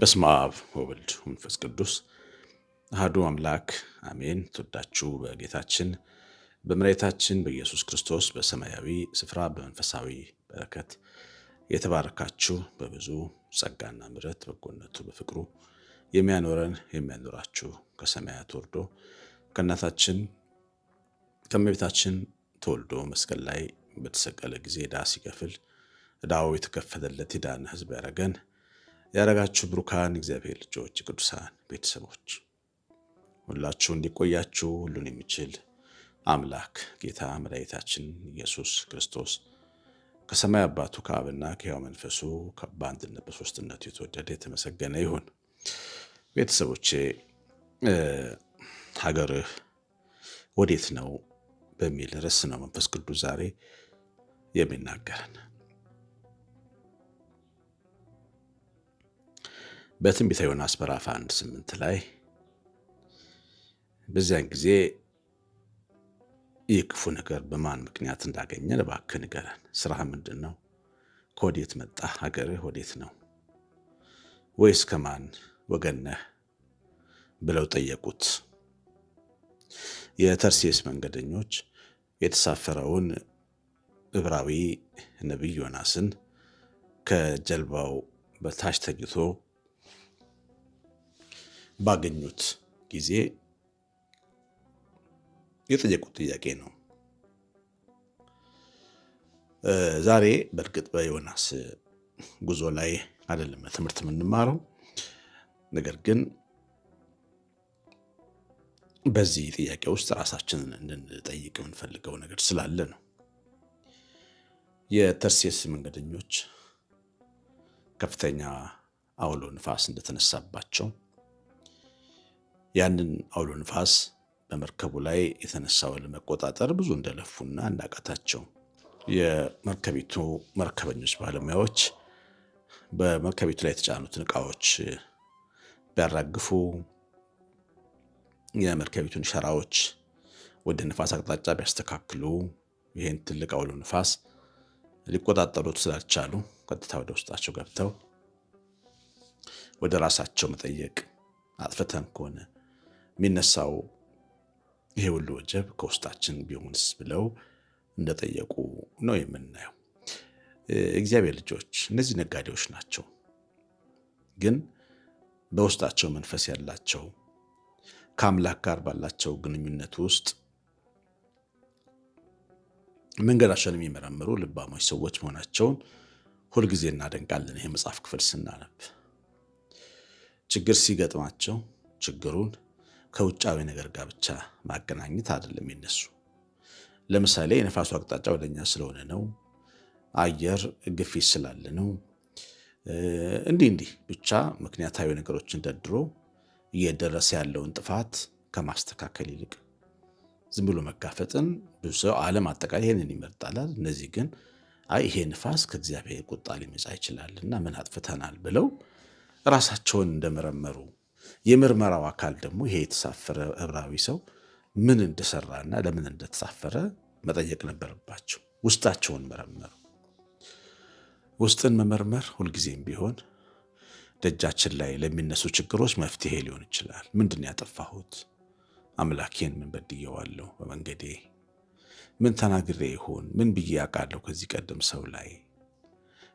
በስመ አብ ወወልድ ወመንፈስ ቅዱስ አህዱ አምላክ አሜን። ትወዳችሁ በጌታችን በመድኃኒታችን በኢየሱስ ክርስቶስ በሰማያዊ ስፍራ በመንፈሳዊ በረከት የተባረካችሁ በብዙ ጸጋና ምሕረት በጎነቱ በፍቅሩ የሚያኖረን የሚያኖራችሁ ከሰማያት ወርዶ ከእናታችን ከእመቤታችን ተወልዶ መስቀል ላይ በተሰቀለ ጊዜ ዕዳ ሲከፍል ዕዳው የተከፈለለት የዳነ ሕዝብ ያደረገን ያደረጋችሁ ብሩካን እግዚአብሔር ልጆች፣ ቅዱሳን ቤተሰቦች ሁላችሁ እንዲቆያችሁ ሁሉን የሚችል አምላክ ጌታ መድኃኒታችን ኢየሱስ ክርስቶስ ከሰማይ አባቱ ከአብና ከያው መንፈሱ በአንድነት በሦስትነቱ የተወደደ የተመሰገነ ይሁን። ቤተሰቦቼ ሀገርህ ወዴት ነው በሚል ርዕስ ነው መንፈስ ቅዱስ ዛሬ የሚናገረን። በትንቢተ ዮናስ ምዕራፍ አንድ ስምንት ላይ በዚያን ጊዜ ይህ ክፉ ነገር በማን ምክንያት እንዳገኘ እባክህ ንገረን። ስራህ ምንድን ነው? ከወዴት መጣ? ሀገርህ ወዴት ነው? ወይስ ከማን ወገን ነህ? ብለው ጠየቁት። የተርሴስ መንገደኞች የተሳፈረውን ዕብራዊ ነቢይ ዮናስን ከጀልባው በታች ተኝቶ ባገኙት ጊዜ የጠየቁት ጥያቄ ነው። ዛሬ በእርግጥ በዮናስ ጉዞ ላይ አይደለም ትምህርት የምንማረው፣ ነገር ግን በዚህ ጥያቄ ውስጥ ራሳችንን እንድንጠይቅ የምንፈልገው ነገር ስላለ ነው። የተርሴስ መንገደኞች ከፍተኛ አውሎ ንፋስ እንደተነሳባቸው ያንን አውሎ ንፋስ በመርከቡ ላይ የተነሳውን ለመቆጣጠር ብዙ እንደለፉና እንዳቃታቸው የመርከቢቱ መርከበኞች ባለሙያዎች በመርከቢቱ ላይ የተጫኑትን እቃዎች ቢያራግፉ የመርከቢቱን ሸራዎች ወደ ንፋስ አቅጣጫ ቢያስተካክሉ ይህን ትልቅ አውሎ ንፋስ ሊቆጣጠሩት ስላልቻሉ ቀጥታ ወደ ውስጣቸው ገብተው ወደ ራሳቸው መጠየቅ አጥፍተን ከሆነ የሚነሳው ይሄ ሁሉ ወጀብ ከውስጣችን ቢሆንስ ብለው እንደጠየቁ ነው የምናየው። እግዚአብሔር ልጆች እነዚህ ነጋዴዎች ናቸው፣ ግን በውስጣቸው መንፈስ ያላቸው ከአምላክ ጋር ባላቸው ግንኙነት ውስጥ መንገዳቸውን የሚመረምሩ ልባሞች ሰዎች መሆናቸውን ሁልጊዜ እናደንቃለን። ይህ መጽሐፍ ክፍል ስናነብ ችግር ሲገጥማቸው ችግሩን ከውጫዊ ነገር ጋር ብቻ ማገናኘት አይደለም የነሱ። ለምሳሌ የነፋሱ አቅጣጫ ወደኛ ስለሆነ ነው፣ አየር ግፊት ስላለ ነው፣ እንዲህ እንዲህ ብቻ ምክንያታዊ ነገሮችን ደድሮ። እየደረሰ ያለውን ጥፋት ከማስተካከል ይልቅ ዝም ብሎ መጋፈጥን ብዙ ሰው ዓለም አጠቃላይ ይሄንን ይመርጣላል። እነዚህ ግን አይ ይሄ ንፋስ ከእግዚአብሔር ቁጣ ይችላል እና ምን አጥፍተናል ብለው ራሳቸውን እንደመረመሩ የምርመራው አካል ደግሞ ይሄ የተሳፈረ ዕብራዊ ሰው ምን እንደሰራና ለምን እንደተሳፈረ መጠየቅ ነበረባቸው። ውስጣቸውን መረመሩ። ውስጥን መመርመር ሁልጊዜም ቢሆን ደጃችን ላይ ለሚነሱ ችግሮች መፍትሄ ሊሆን ይችላል። ምንድን ያጠፋሁት? አምላኬን ምን በድየዋለሁ? በመንገዴ ምን ተናግሬ ይሆን? ምን ብዬ ያውቃለሁ? ከዚህ ቀደም ሰው ላይ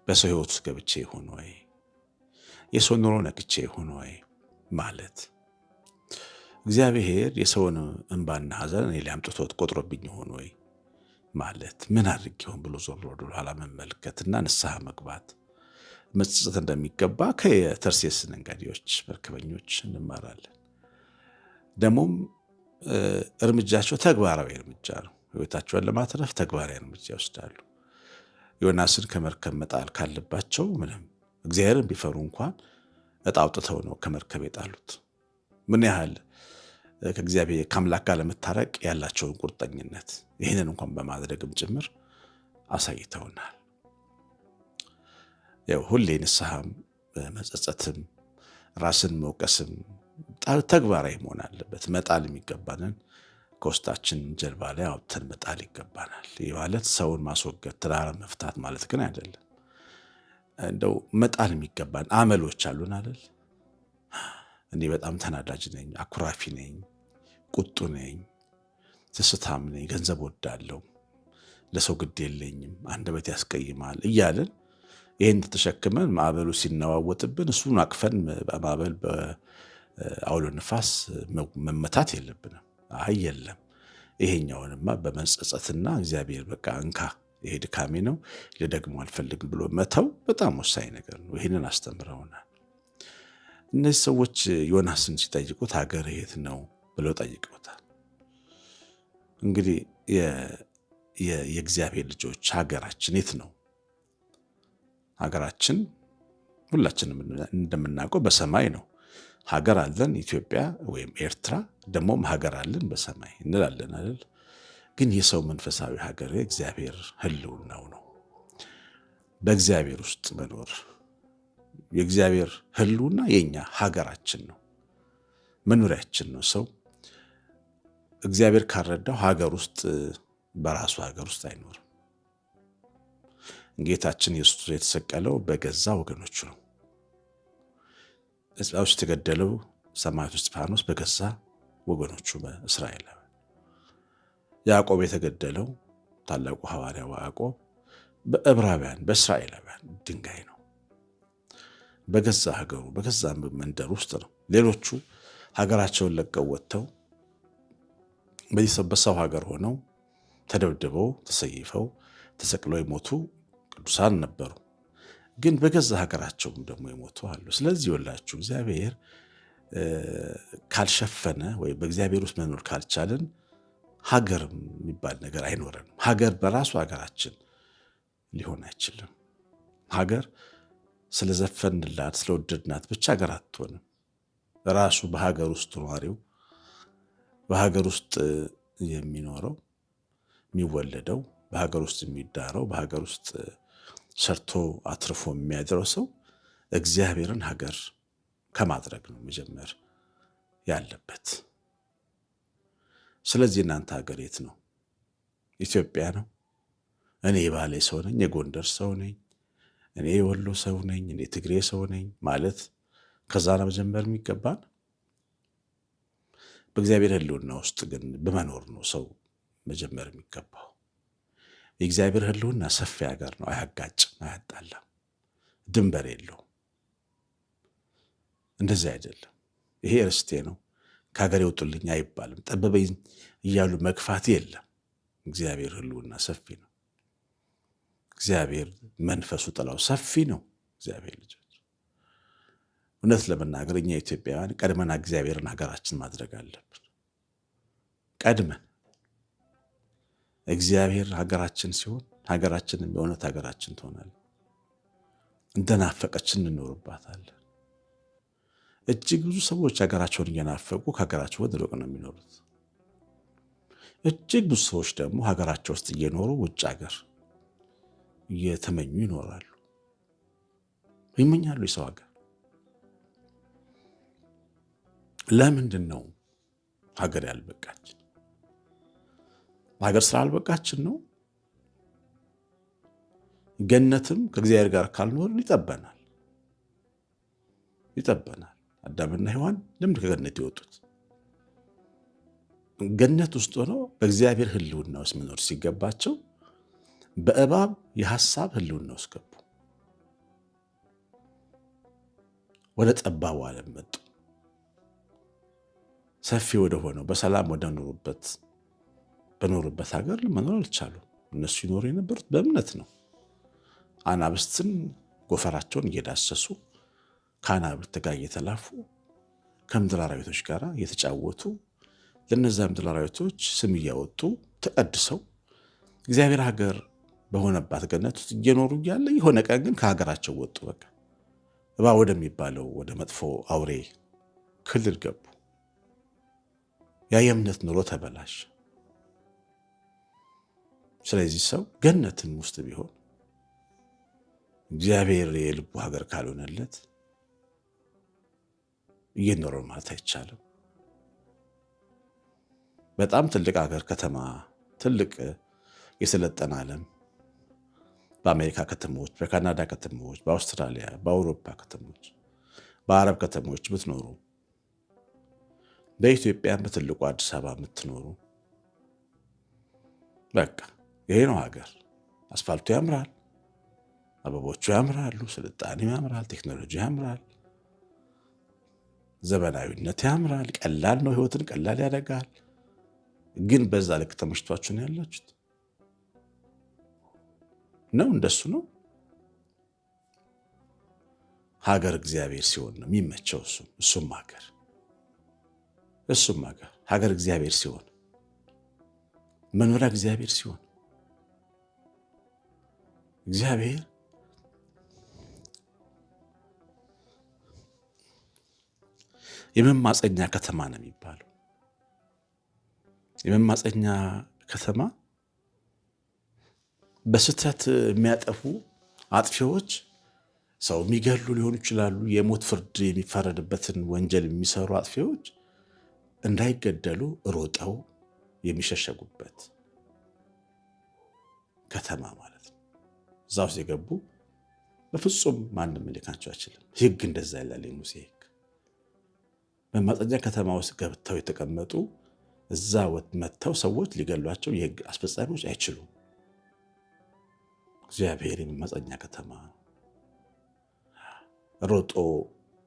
በሰው ህይወት ውስጥ ገብቼ ይሆን ወይ? የሰው ኑሮ ነክቼ ይሆን ወይ? ማለት እግዚአብሔር የሰውን እንባና ሐዘን እኔ ላይ ቆጥሮብኝ ይሆን ወይ ማለት ምን አድርጌ ይሆን ብሎ ዞር ወደ ኋላ መመልከትና ንስሐ መግባት መጸጸት እንደሚገባ ከተርሴስ ነጋዴዎች፣ መርከበኞች እንማራለን። ደግሞም እርምጃቸው ተግባራዊ እርምጃ ነው። ህይወታቸውን ለማትረፍ ተግባራዊ እርምጃ ይወስዳሉ። ዮናስን ከመርከብ መጣል ካለባቸው ምንም እግዚአብሔርን ቢፈሩ እንኳን እጣውጥተው ነው ከመርከብ የጣሉት። ምን ያህል ከእግዚአብሔር ከአምላክ ጋር ለመታረቅ ያላቸውን ቁርጠኝነት ይህንን እንኳን በማድረግም ጭምር አሳይተውናል። ያው ሁሌ ንስሐም መጸጸትም ራስን መውቀስም ተግባራዊ መሆን አለበት። መጣል የሚገባንን ከውስጣችን ጀልባ ላይ አውጥተን መጣል ይገባናል። ይህ ማለት ሰውን ማስወገድ ትዳር መፍታት ማለት ግን አይደለም። እንደው መጣል የሚገባን አመሎች አሉን አይደል? እኔ በጣም ተናዳጅ ነኝ፣ አኩራፊ ነኝ፣ ቁጡ ነኝ፣ ትስታም ነኝ፣ ገንዘብ ወዳለው ለሰው ግድ የለኝም፣ አንደበት ያስቀይማል እያልን ይህን ተሸክመን ማዕበሉ ሲነዋወጥብን እሱን አቅፈን በማዕበል በአውሎ ነፋስ መመታት የለብንም። አይ የለም፣ ይሄኛውንማ በመጸጸትና እግዚአብሔር በቃ እንካ ይሄ ድካሜ ነው ልደግሞ አልፈልግም ብሎ መተው በጣም ወሳኝ ነገር ነው። ይህንን አስተምረውናል። እነዚህ ሰዎች ዮናስን ሲጠይቁት ሀገር የት ነው ብለው ጠይቀውታል። እንግዲህ የእግዚአብሔር ልጆች ሀገራችን የት ነው ሀገራችን ሁላችንም እንደምናውቀው በሰማይ ነው። ሀገር አለን ኢትዮጵያ ወይም ኤርትራ፣ ደግሞም ሀገር አለን በሰማይ እንላለን አይደል? ግን የሰው መንፈሳዊ ሀገር እግዚአብሔር ህልውናው ነው። በእግዚአብሔር ውስጥ መኖር የእግዚአብሔር ህልውና የኛ ሀገራችን ነው፣ መኖሪያችን ነው። ሰው እግዚአብሔር ካረዳው ሀገር ውስጥ በራሱ ሀገር ውስጥ አይኖርም። ጌታችን ኢየሱስ የተሰቀለው በገዛ ወገኖቹ ነው። ሕዝባ ውስጥ የተገደለው ሰማዕቱ እስጢፋኖስ በገዛ ወገኖቹ በእስራኤል፣ ያዕቆብ የተገደለው ታላቁ ሐዋርያ ያዕቆብ በዕብራውያን በእስራኤላውያን ድንጋይ ነው። በገዛ ሀገሩ በገዛ መንደር ውስጥ ነው። ሌሎቹ ሀገራቸውን ለቀው ወጥተው በዚህ በሰው ሀገር ሆነው ተደብድበው ተሰይፈው ተሰቅለው የሞቱ ቅዱሳን ነበሩ፣ ግን በገዛ ሀገራቸውም ደግሞ የሞቱ አሉ። ስለዚህ ወላችሁ እግዚአብሔር ካልሸፈነ ወይ በእግዚአብሔር ውስጥ መኖር ካልቻለን ሀገር የሚባል ነገር አይኖረንም። ሀገር በራሱ ሀገራችን ሊሆን አይችልም። ሀገር ስለዘፈንላት ስለወደድናት ብቻ ሀገር አትሆንም። ራሱ በሀገር ውስጥ ነዋሪው በሀገር ውስጥ የሚኖረው የሚወለደው በሀገር ውስጥ የሚዳረው በሀገር ውስጥ ሰርቶ አትርፎ የሚያድረው ሰው እግዚአብሔርን ሀገር ከማድረግ ነው መጀመር ያለበት። ስለዚህ እናንተ ሀገር የት ነው? ኢትዮጵያ ነው። እኔ የባሌ ሰው ነኝ፣ የጎንደር ሰው ነኝ፣ እኔ የወሎ ሰው ነኝ፣ እኔ ትግሬ ሰው ነኝ ማለት ከዛ ነው መጀመር የሚገባን። በእግዚአብሔር ሕልውና ውስጥ ግን በመኖር ነው ሰው መጀመር የሚገባው። የእግዚአብሔር ህልውና ሰፊ ሀገር ነው። አያጋጭም፣ አያጣላም፣ ድንበር የለውም። እንደዚህ አይደለም። ይሄ ርስቴ ነው ከሀገር ይውጡልኝ አይባልም። ጠበበኝ እያሉ መግፋት የለም። እግዚአብሔር ህልውና ሰፊ ነው። እግዚአብሔር መንፈሱ ጥላው ሰፊ ነው። እግዚአብሔር ልጆች እውነት ለመናገር እኛ ኢትዮጵያውያን ቀድመን እግዚአብሔርን ሀገራችን ማድረግ አለብን። ቀድመን እግዚአብሔር ሀገራችን ሲሆን ሀገራችንም የእውነት ሀገራችን ትሆናለች። እንደናፈቀችን እንኖርባታለን። እጅግ ብዙ ሰዎች ሀገራቸውን እየናፈቁ ከሀገራቸው ወደ ሩቅ ነው የሚኖሩት። እጅግ ብዙ ሰዎች ደግሞ ሀገራቸው ውስጥ እየኖሩ ውጭ ሀገር እየተመኙ ይኖራሉ፣ ይመኛሉ የሰው ሀገር። ለምንድን ነው ሀገር ያልበቃች? በሀገር ስራ አልበቃችን ነው። ገነትም ከእግዚአብሔር ጋር ካልኖርን ይጠበናል ይጠበናል። አዳምና ሔዋን ለምን ከገነት የወጡት? ገነት ውስጥ ሆነው በእግዚአብሔር ህልውና ውስጥ መኖር ሲገባቸው በእባብ የሀሳብ ህልውና ውስጥ ገቡ። ወደ ጠባቡ ዓለም መጡ። ሰፊ ወደ ሆነው በሰላም ወደ ኖሩበት በኖሩበት ሀገር መኖር አልቻሉም። እነሱ ይኖሩ የነበሩት በእምነት ነው። አናብስትን ጎፈራቸውን እየዳሰሱ ከአናብርት ጋር እየተላፉ ከምድር አራዊቶች ጋር እየተጫወቱ ለእነዚያ ምድር አራዊቶች ስም እያወጡ ተቀድሰው እግዚአብሔር ሀገር በሆነባት ገነት ውስጥ እየኖሩ እያለ የሆነ ቀን ግን ከሀገራቸው ወጡ። በቃ እባ ወደሚባለው ወደ መጥፎ አውሬ ክልል ገቡ። ያ የእምነት ኑሮ ተበላሽ። ስለዚህ ሰው ገነትን ውስጥ ቢሆን እግዚአብሔር የልቡ ሀገር ካልሆነለት እየኖረ ማለት አይቻልም። በጣም ትልቅ ሀገር ከተማ፣ ትልቅ የሰለጠነ ዓለም በአሜሪካ ከተሞች፣ በካናዳ ከተሞች፣ በአውስትራሊያ፣ በአውሮፓ ከተሞች፣ በአረብ ከተሞች ብትኖሩ በኢትዮጵያ በትልቁ አዲስ አበባ የምትኖሩ በቃ ይሄ ነው ሀገር። አስፋልቱ ያምራል፣ አበቦቹ ያምራሉ፣ ስልጣኔ ያምራል፣ ቴክኖሎጂ ያምራል፣ ዘመናዊነት ያምራል። ቀላል ነው፣ ህይወትን ቀላል ያደርጋል። ግን በዛ ልክ ተመችቷችሁ ነው ያላችሁት? ነው እንደሱ ነው ሀገር እግዚአብሔር ሲሆን ነው የሚመቸው። እሱም እሱም ሀገር እሱም ሀገር ሀገር እግዚአብሔር ሲሆን መኖሪያ እግዚአብሔር ሲሆን እግዚአብሔር የመማፀኛ ከተማ ነው የሚባለው። የመማፀኛ ከተማ በስህተት የሚያጠፉ አጥፊዎች ሰው የሚገሉ ሊሆኑ ይችላሉ። የሞት ፍርድ የሚፈረድበትን ወንጀል የሚሰሩ አጥፊዎች እንዳይገደሉ ሮጠው የሚሸሸጉበት ከተማ ማለት እዛ ውስጥ የገቡ በፍጹም ማንም ሊካቸው አይችልም። ህግ እንደዛ ይላል የሙሴ ህግ። በማጸጃ ከተማ ውስጥ ገብተው የተቀመጡ እዛ መጥተው ሰዎች ሊገሏቸው የህግ አስፈጻሚዎች አይችሉም። እግዚአብሔር የመማፀኛ ከተማ ሮጦ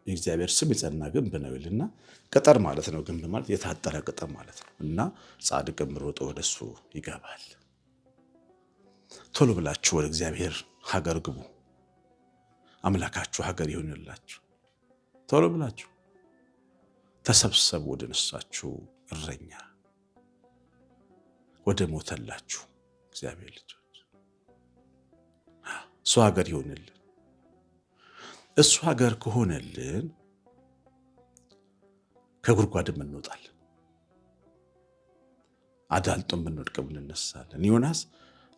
የእግዚአብሔር ስም የጸና ግንብ ነው ይልና ቅጥር ማለት ነው። ግንብ ማለት የታጠረ ቅጥር ማለት ነው እና ጻድቅም ሮጦ ወደሱ ይገባል። ቶሎ ብላችሁ ወደ እግዚአብሔር ሀገር ግቡ። አምላካችሁ ሀገር ይሆንላችሁ። ቶሎ ብላችሁ ተሰብሰቡ ወደ ነሳችሁ እረኛ ወደ ሞተላችሁ እግዚአብሔር ልጆች እሱ ሀገር ይሆንልን። እሱ ሀገር ከሆነልን ከጉድጓድም እንወጣለን፣ አዳልጦም ብንወድቅም እንነሳለን። ዮናስ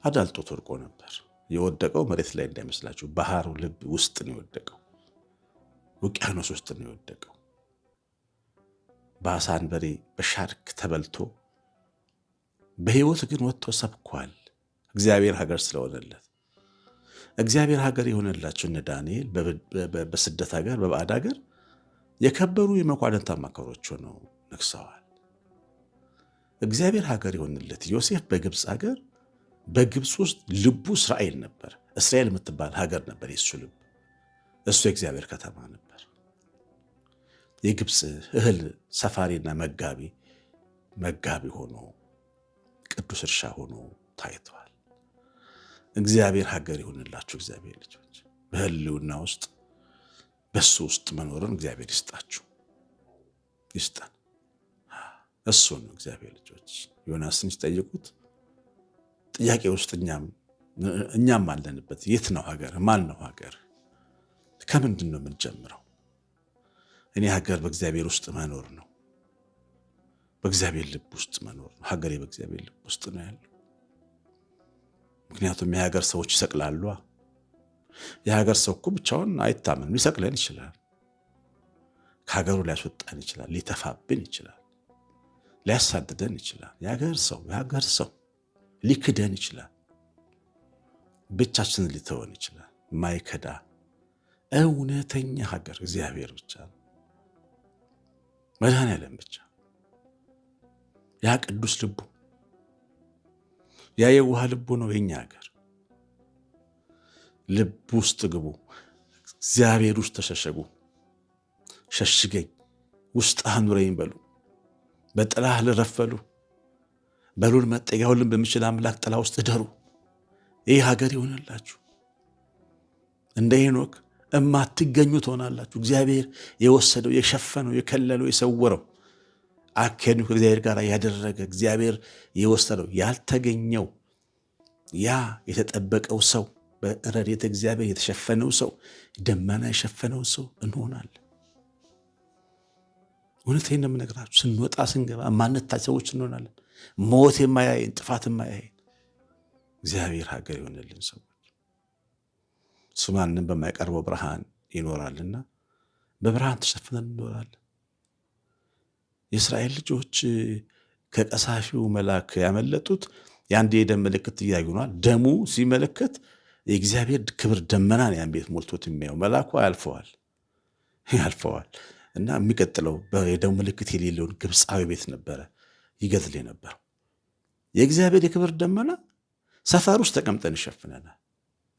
አዳልጦ ወድቆ ነበር። የወደቀው መሬት ላይ እንዳይመስላችሁ፣ ባህሩ ልብ ውስጥ ነው የወደቀው፣ ውቅያኖስ ውስጥ ነው የወደቀው። በአሳ አንበሪ በሻርክ ተበልቶ በህይወት ግን ወጥቶ ሰብኳል። እግዚአብሔር ሀገር ስለሆነለት እግዚአብሔር ሀገር የሆነላቸው እነ ዳንኤል በስደት ሀገር በባዕድ ሀገር የከበሩ የመኳንንት አማካሮች ሆነው ነግሰዋል። እግዚአብሔር ሀገር የሆነለት ዮሴፍ በግብፅ ሀገር በግብፅ ውስጥ ልቡ እስራኤል ነበር። እስራኤል የምትባል ሀገር ነበር የሱ ልብ። እሱ የእግዚአብሔር ከተማ ነበር። የግብፅ እህል ሰፋሪና መጋቢ መጋቢ ሆኖ ቅዱስ እርሻ ሆኖ ታይቷል። እግዚአብሔር ሀገር ይሁንላችሁ። እግዚአብሔር ልጆች በህልውና ውስጥ በሱ ውስጥ መኖርን እግዚአብሔር ይስጣችሁ ይስጣን። እሱ ነው እግዚአብሔር ልጆች ዮናስን ሲጠይቁት ጥያቄ ውስጥ እኛም አለንበት። የት ነው ሀገር? ማን ነው ሀገር? ከምንድን ነው የምንጀምረው? እኔ ሀገር በእግዚአብሔር ውስጥ መኖር ነው። በእግዚአብሔር ልብ ውስጥ መኖር ነው። ሀገሬ በእግዚአብሔር ልብ ውስጥ ነው ያለው። ምክንያቱም የሀገር ሰዎች ይሰቅላሉ። የሀገር ሰው እኮ ብቻውን አይታመንም። ሊሰቅለን ይችላል። ከሀገሩ ሊያስወጣን ይችላል። ሊተፋብን ይችላል። ሊያሳድደን ይችላል። የሀገር ሰው የሀገር ሰው ሊክደን ይችላል። ብቻችን ሊተወን ይችላል። ማይከዳ እውነተኛ ሀገር እግዚአብሔር ብቻ ነው። መድኃኔዓለም ብቻ ያ ቅዱስ ልቡ ያ የዋህ ልቡ ነው የኛ ሀገር። ልብ ውስጥ ግቡ፣ እግዚአብሔር ውስጥ ተሸሸጉ። ሸሽገኝ ውስጥ አኑረኝ በሉ፣ በጥላህ ልረፈሉ በሉል መጠጊያ ሁሉን በሚችል አምላክ ጥላ ውስጥ እደሩ። ይህ ሀገር ይሆንላችሁ። እንደ ሄኖክ እማትገኙ ትሆናላችሁ። እግዚአብሔር የወሰደው የሸፈነው፣ የከለለው፣ የሰወረው አካሄዱ ከእግዚአብሔር ጋር ያደረገ እግዚአብሔር የወሰደው ያልተገኘው ያ የተጠበቀው ሰው በረድኤተ እግዚአብሔር የተሸፈነው ሰው ደመና የሸፈነው ሰው እንሆናለን። እውነት ይህን የምነግራችሁ ስንወጣ ስንገባ ማንነታችን ሰዎች እንሆናለን። ሞት የማያይን ጥፋት የማያይን እግዚአብሔር ሀገር የሆነልን ሰዎች እሱ ማንም በማይቀርበው ብርሃን ይኖራልና በብርሃን ተሸፍነን እንኖራለን። የእስራኤል ልጆች ከቀሳፊው መልአክ ያመለጡት የአንድ የደም ምልክት እያዩ ነዋል። ደሙ ሲመለከት የእግዚአብሔር ክብር ደመናን ያን ቤት ሞልቶት የሚያየው መልአኩ ያልፈዋል ያልፈዋል እና የሚቀጥለው የደም ምልክት የሌለውን ግብፃዊ ቤት ነበረ። ይገድል ነበር። የእግዚአብሔር የክብር ደመና ሰፈር ውስጥ ተቀምጠን ይሸፍነናል።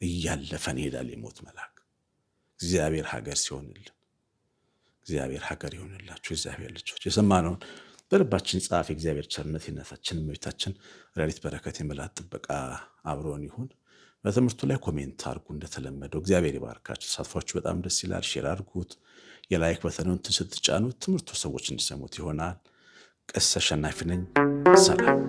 እያለፈን ይሄዳል የሞት መልአክ። እግዚአብሔር ሀገር ሲሆንልን እግዚአብሔር ሀገር ይሆንላችሁ። እግዚአብሔር ልጆች የሰማነውን በልባችን ጻፍ። የእግዚአብሔር ቸርነት የእናታችን እመቤታችን ረድኤት በረከት የመላት ጥበቃ አብሮን ይሁን። በትምህርቱ ላይ ኮሜንት አርጉ እንደተለመደው እግዚአብሔር ይባርካችሁ። ተሳትፏችሁ በጣም ደስ ይላል። ሼር አርጉት። የላይክ በተነንትን ስትጫኑት ትምህርቱ ሰዎች እንዲሰሙት ይሆናል። ቀሲስ አሸናፊ ነኝ። ሰላም